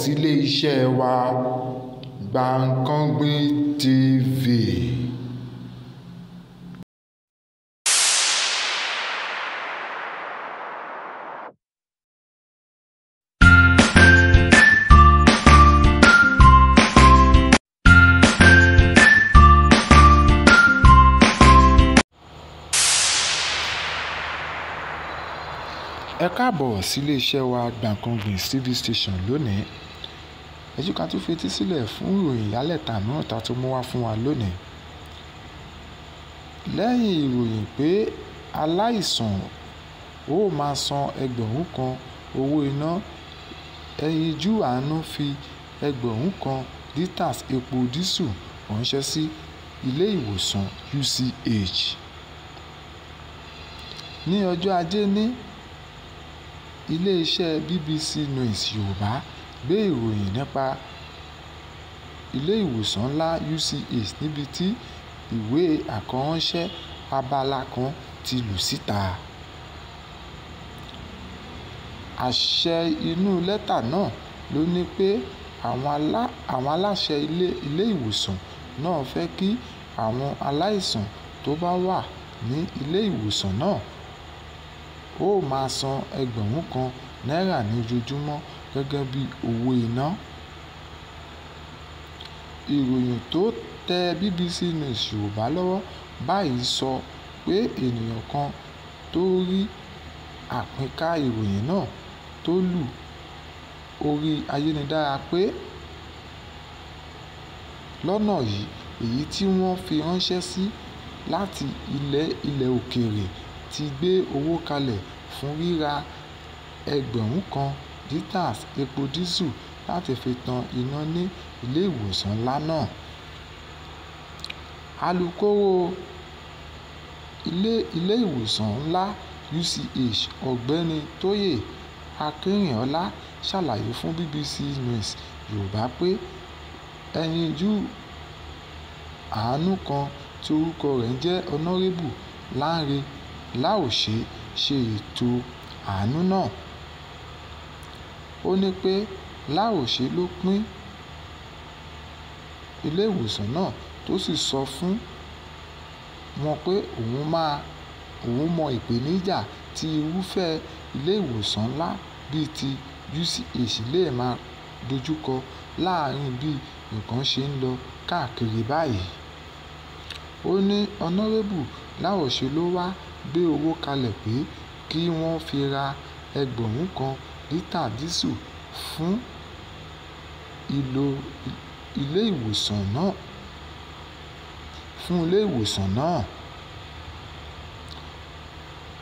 sílé iṣẹ́ wa Gbankanbi TV Ẹ káàbọ̀ sí ilé-iṣẹ́ wa Gbankanbi TV Station lónìí. Ẹ jẹ́ ká tún fetí sílẹ̀ fún ìròyìn ìyálẹ̀ta mìíràn tá a tún mú wá fún wa lónìí. Lẹ́yìn ìròyìn pé aláìsàn ó máa san ẹgbẹ̀rún kan owó iná, Ẹyinjú Àánú fi ẹgbẹ̀rún kan litres epo dísù ránṣẹ́ sí ilé-ìwòsàn UCH. Ní ọjọ́ Ajé ní Ilé-iṣẹ́ BBC News Yorùbá gbé ìròyìn nípa ilé-ìwòsàn ńlá UCH níbi tí ìwé àkọránṣẹ́ abala kan ti lù síta. Àṣẹ inú lẹ́tà náà ló ní pé àwọn aláṣẹ ilé-ìwòsàn náà fẹ́ kí àwọn aláìsàn tó bá wà ní ilé-ìwòsàn náà ó máa san ẹgbẹ̀rún kan náírà ní ojoojúmọ́ gẹ́gẹ́ bíi owó iná. Ìròyìn tó tẹ BBC News Yorùbá lọ́wọ́ báyìí sọ pé ènìyàn kan tó rí àpínká ìròyìn náà tó lu orí ayélujára pé lọ́nà yìí èyí tí wọ́n fi ránṣẹ́ sí láti ilẹ̀ òkèèrè ti gbé owó kalẹ̀ fún ríra ẹgbẹ̀rún kan litres epo dísù láti fi tan iná ní ilé-ìwòsàn ńlá náà. Alukóró ilé-ìwòsàn ńlá UCH Ọ̀gbẹ́ni Tóyè Akérèníọlá ṣàlàyé fún BBC News Yorùbá pé ẹyinjú àánú kan tí orúkọ rẹ̀ ń jẹ́ Honorébù Lánre Láò ṣe ṣe ètò àánú náà. Ó ní pé Láòṣe ló pín ilé ìwòsàn náà tó sì sọ fún wọn pé òun mọ ìpèníjà tí irúfẹ́ ilé ìwòsàn ńlá bíi ti UCH lè máa dojúkọ láàárín bí nǹkan ṣe ń lọ káàkiri báyìí. Ó ní Honorébù Láòṣe ló wà gbé owó kalẹ̀ pé kí wọ́n fi ra ẹgbẹ̀rún kan lítà dísù fún ilé ìwòsàn náà.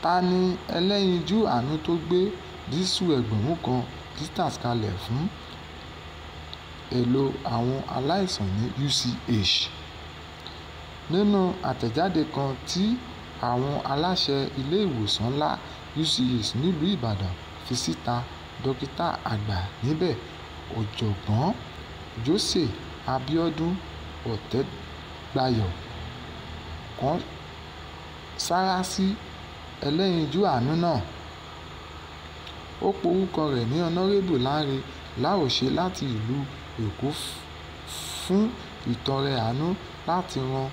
Ta ni ẹlẹ́yinjú àánú tó gbé dísù ẹgbẹ̀rún kan lítà kalẹ̀ fún èlò àwọn aláìsàn ní UCH? Nínú àtẹ̀jáde kan tí àwọn aláṣẹ ilé ìwòsàn ńlá UCH nílùú Ìbàdàn fi síta dókítà àgbà níbẹ̀ Ọ̀jọ̀gbọ́n José Abíọ́dún Ọ̀tẹ́dayọ̀ kan sáárá sí ẹlẹ́yinjú àánú náà. Ó porúkọ rẹ̀ ní Honourable Lanre Láòṣe láti ìlú Èkó fún ìtọrẹ àánú láti ran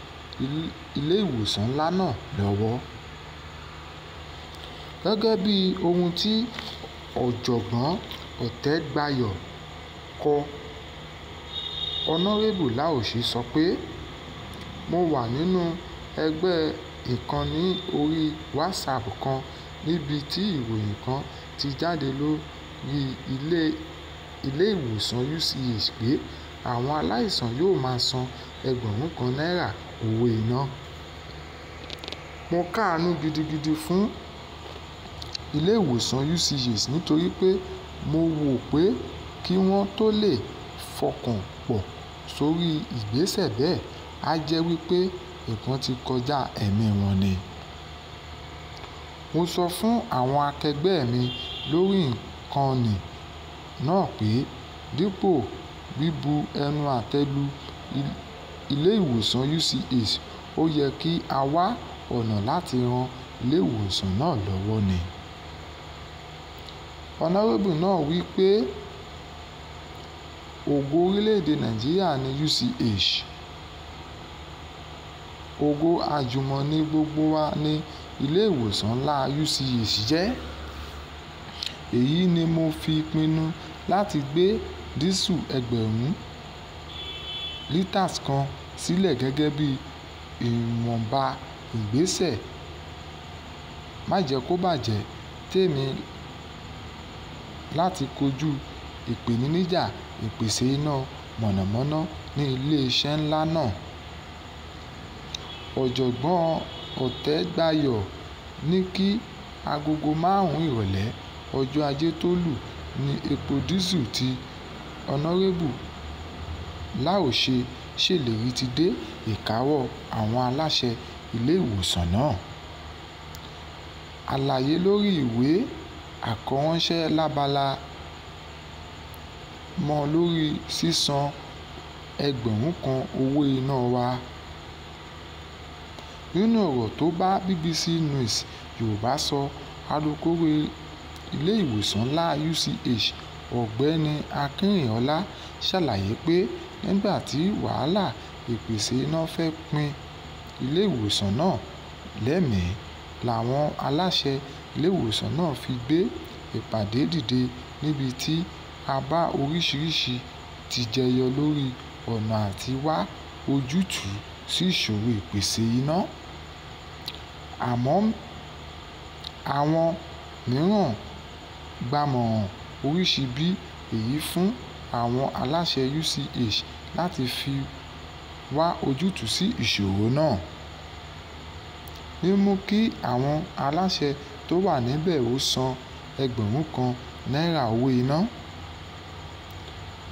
ilé-ìwòsàn ńlá náà lọ́wọ́ gẹ́gẹ́ bíi ohun tí ọ̀jọ̀gbọ́n òtẹ́gbàyọ kọ ọ̀nàrẹ́bù laoshi sọ pé mo wà nínú ẹgbẹ́ ìkànnì orí whatsapp kan níbi tí ìròyìn kan ti jáde lórí ilé-ìwòsàn uch pé àwọn aláìsàn yóò máa san ẹgbẹ̀rún kan náírà owó iná. Mo káàánú gidigidi fún ilé ìwòsàn UCH nítorí pé mo wò pé kí wọ́n tó lè fọkàn pọ̀ sórí ìgbésẹ̀ bẹ́ẹ̀ á jẹ́ wípé nǹkan ti kọjá ẹ̀mí wọn ni. Mo sọ fún àwọn akẹgbẹ́ mi lórí ìkànnì náà pé dípò bíbu ẹnu àtẹ́ lu ilé ìwòsàn UCH, ó yẹ kí a wá ọ̀nà láti ran ilé ìwòsàn náà lọ́wọ́ ni. Ọ̀nàrẹ́bù náà wí pé ògo orílẹ̀-èdè Nàìjíríà ni UCH. Ògo àjùmọ̀ní gbogbo wa ni ilé ìwòsàn ńlá UCH jẹ́. Èyí ni mo fi pinnu láti gbé dísù ẹgbẹ̀rún litres kan sílẹ̀ gẹ́gẹ́ bí ìwọ̀nba ìgbésẹ̀ májẹ̀kóbàjẹ́ tèmi láti kojú ìpèníjà ìpèsè iná mọ̀nàmọ́ná ní ilé-iṣẹ́ ńlá náà. Ọ̀jọ̀gbọ́n Ọ̀tẹ́dàyò ní kí agogo márùn-ún ìrọ̀lẹ́ ọjọ́ Ajé tó lù ní epo dísù ti ọ̀nàrẹ́bù láòṣe ṣèlérí ti dé ìkáwọ́ àwọn aláṣẹ iléèwòsàn náà àlàyé lórí ìwé àkọránṣẹ́ lábala mọ́ lórí sísan ẹgbẹ̀rún kan owó iná wa nínú ọ̀rọ̀ tó bá BBC News Yorùbá sọ alūkkóró iléèwòsàn ńlá UCH Ọ̀gbẹ́ni Akinrinọlá ṣàlàyé pé nígbà tí wàhálà ìpèsè iná fẹ́ pin ilé-ìwòsàn náà lẹ́mìí, làwọn aláṣẹ ilé-ìwòsàn náà fi gbé ìpàdé dìde níbi tí àbá oríṣiríṣi ti jẹyọ lórí ọ̀nà àti wá ojútùú sí ìṣòro ìpèsè iná. Àmọ́ àwọn mìíràn gbàmọ̀ràn oríṣi bí èyí fún àwọn aláṣẹ UCH láti fi wá ojútùú sí ìṣòro náà, mímú kí àwọn aláṣẹ tó wà níbẹ̀ ó san ẹgbẹ̀rún kan náírà owó iná,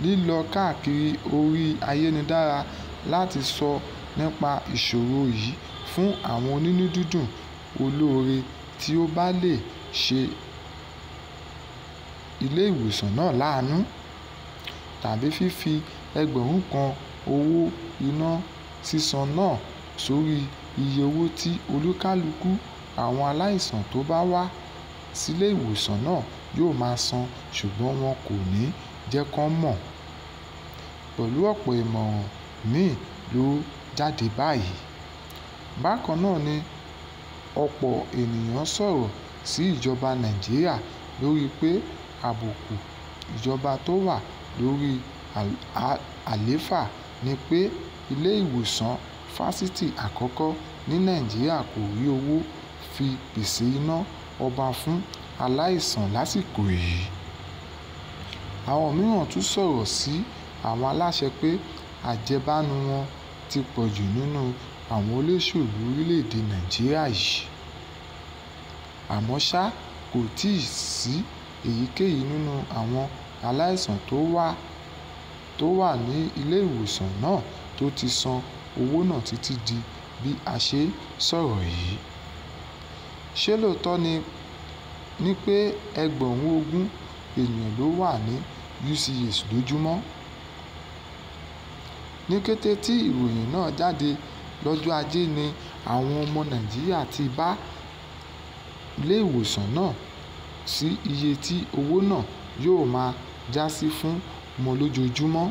lílọ káàkiri orí ayélujára láti sọ nípa ìṣòro yìí fún àwọn onínúdídùn olóore tí ó bá lè ṣe é ilé ìwòsàn náà láàánú tàbí fífi ẹgbẹ̀rún kan owó iná sísan náà sórí iye owó tí olúkálùkù àwọn aláìsàn tó bá wá sílé ìwòsàn náà yóò máa san ṣùgbọ́n wọn kò ní jẹ́ kán mọ̀. Pẹ̀lú ọ̀pọ̀ ìmọ̀ràn míì ló jáde báyìí. Bákan náà ni ọ̀pọ̀ ènìyàn sọ̀rọ̀ sí ìjọba Nàìjíríà lórí pé àbùkù ìjọba tó wà lórí àlééfà ni pé ilé ìwòsàn fásitì àkọ́kọ́ ní Nàìjíríà kò rí owó fi pèsè iná ọba fún aláìsàn lásìkò yìí. Àwọn mìíràn tún sọ̀rọ̀ sí àwọn aláṣẹ pé àjẹbánu wọn ti pọ̀jù nínú àwọn olóṣèlú orílẹ̀-èdè Nàìjíríà yìí. Àmọ́ ṣá, kò tíì sí èyíkéyìí nínú àwọn aláìsàn tó wà ní ilé ìwòsàn náà tó ti san owó náà títí di bí a ṣe ń sọ̀rọ̀ yìí. Ṣé lóòótọ́ ni pé ẹgbẹ̀rún ogún èèyàn ló wà ní UCH lójúmọ́? Ní kété tí ìròyìn náà jáde lọ́jọ́ Ajé ni àwọn ọmọ Nàìjíríà ti bá ilé ìwòsàn náà sí iye tí owó náà yóò máa jásí fún wọn lójoojúmọ́.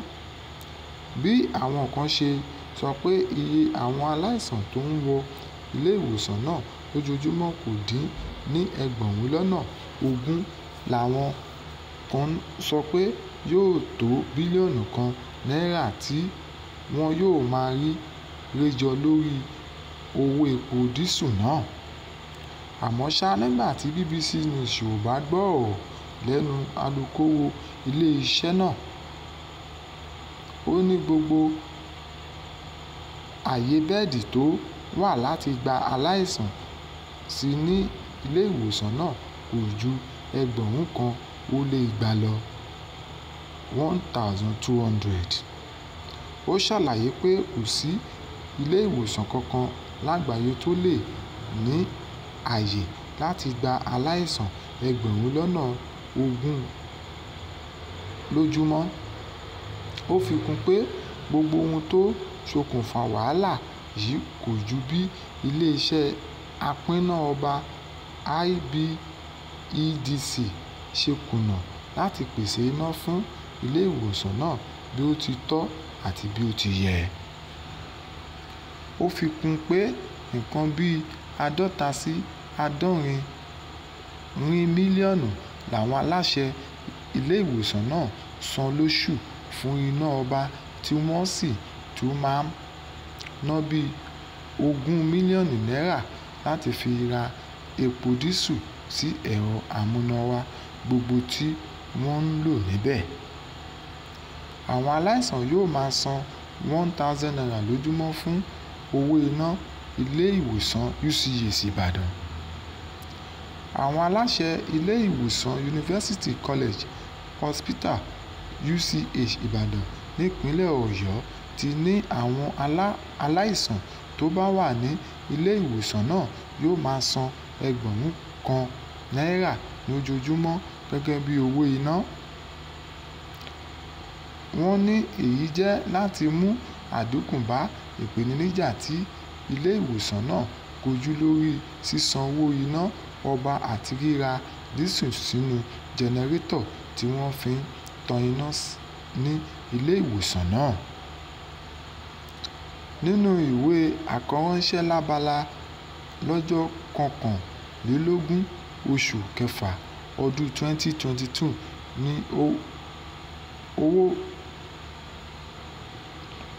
Bí àwọn kan ṣe sọ pé iye àwọn aláìsàn tó ń wọ ilé ìwòsàn náà lójoojúmọ́ kò dín ní ẹgbẹ̀rún lọ́nà ogún làwọn kan sọ pé yóò tó bílíọ̀nù kan náírà tí wọn yóò máa rí rẹ́jọ lórí owó epo dísù náà. Àmọ́ ṣá nígbà tí BBC News ò bá gbọ́rọ̀ lẹ́nu alùkòòró ilé iṣẹ́ náà, ó ní gbogbo àyè bẹ́ẹ̀dì tó wà láti gba aláìsàn sí ní ilé ìwòsàn náà kò ju ẹgbẹ̀rún kan ó lé igba lọ (1,200). Ó ṣàlàyé pé kò sí ilé ìwòsàn kankan lágbàáyé tó lè ní àyè láti gba aláìsàn ẹgbẹ̀rún lọ́nà ogún lójúmọ́. Ó fi kún pé gbogbo ohun tó ṣokùnfà wàhálà yìí kò ju bí ilé iṣẹ́ apínná ọba IBEDC ṣe kùnà láti pèsè iná fún ilé ìwòsàn náà bí ó ti tọ́ àti bí ó ti yẹ. Ó fi kún pé nǹkan bí àádọ́ta sí àádọ́rin rin mílíọ̀nù làwọn aláṣẹ ilé-ìwòsàn náà san lóṣù fún iná ọba tí wọ́n sì tún máa ná bíi ogún mílíọ̀nù náírà láti fi ra epo dísù sí ẹ̀rọ amúnáwá gbogbo tí wọ́n ń lò níbẹ̀. Àwọn aláìsàn yóò máa san one thousand naira lójúmọ́ fún owó iná ilé-ìwòsàn UCH Ìbàdàn àwọn aláṣẹ ilé ìwòsàn University College Hospital UCH Ìbàdàn nípínlẹ̀ Ọ̀yọ́ ti ní àwọn aláìsàn tó bá wà ní ilé ìwòsàn náà yóò máa san ẹgbẹ̀rún kan náírà lójoojúmọ́ gẹ́gẹ́ bí owó iná. Wọ́n ní èyí jẹ́ láti mú àdínkù bá ìpèníjà tí ilé ìwòsàn náà kojú lórí sísanwó iná ọba àti ríra dísù sínú jẹnẹrétọ̀ tí wọ́n fi ń tan iná ní ilé-ìwòsàn náà. Nínú ìwé àkọránṣẹ́ lábala lọ́jọ́ kọkànlélógún oṣù kẹfà ọdún 2022 ni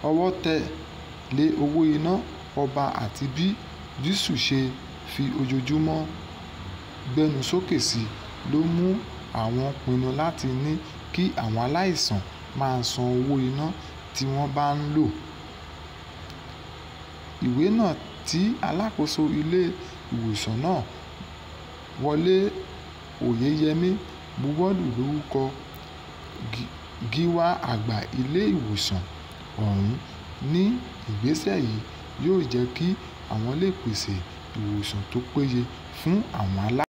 ọwọ́ tẹ̀ lé owó iná ọba àti bí dísù ṣe fi ojoojúmọ́ gbénú sókè sí ló mú àwọn pinnu láti ní kí àwọn aláìsàn máa san owó iná tí wọ́n bá ń lò. Ìwé náà tí alákòóso ilé ìwòsàn náà, Wọlé Oyeyèmí, buwọ́lù lórúkọ gíwá àgbà ilé ìwòsàn ọ̀hún ní ìgbésẹ̀ yìí yóò jẹ́ kí àwọn lè pèsè ìwòsàn tó péye fún àwọn aláìsàn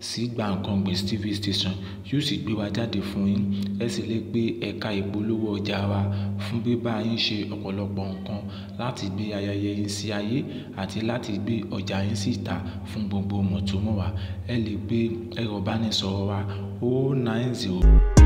sí Gbankanbi TV station yóò sì gbé wa jáde fún yín. Ẹ sì lè pe ẹ̀ka ìpolówó ọjà wa fún bíbá yín ṣe ọ̀pọ̀lọpọ̀ nǹkan láti gbé ayẹyẹ yín sí ayé àti láti gbé ọjà yín síta fún gbogbo mọ̀túmọ̀wá. Ẹ lè pe ẹ̀rọ ìbánisọ̀rọ̀ wa oh zero.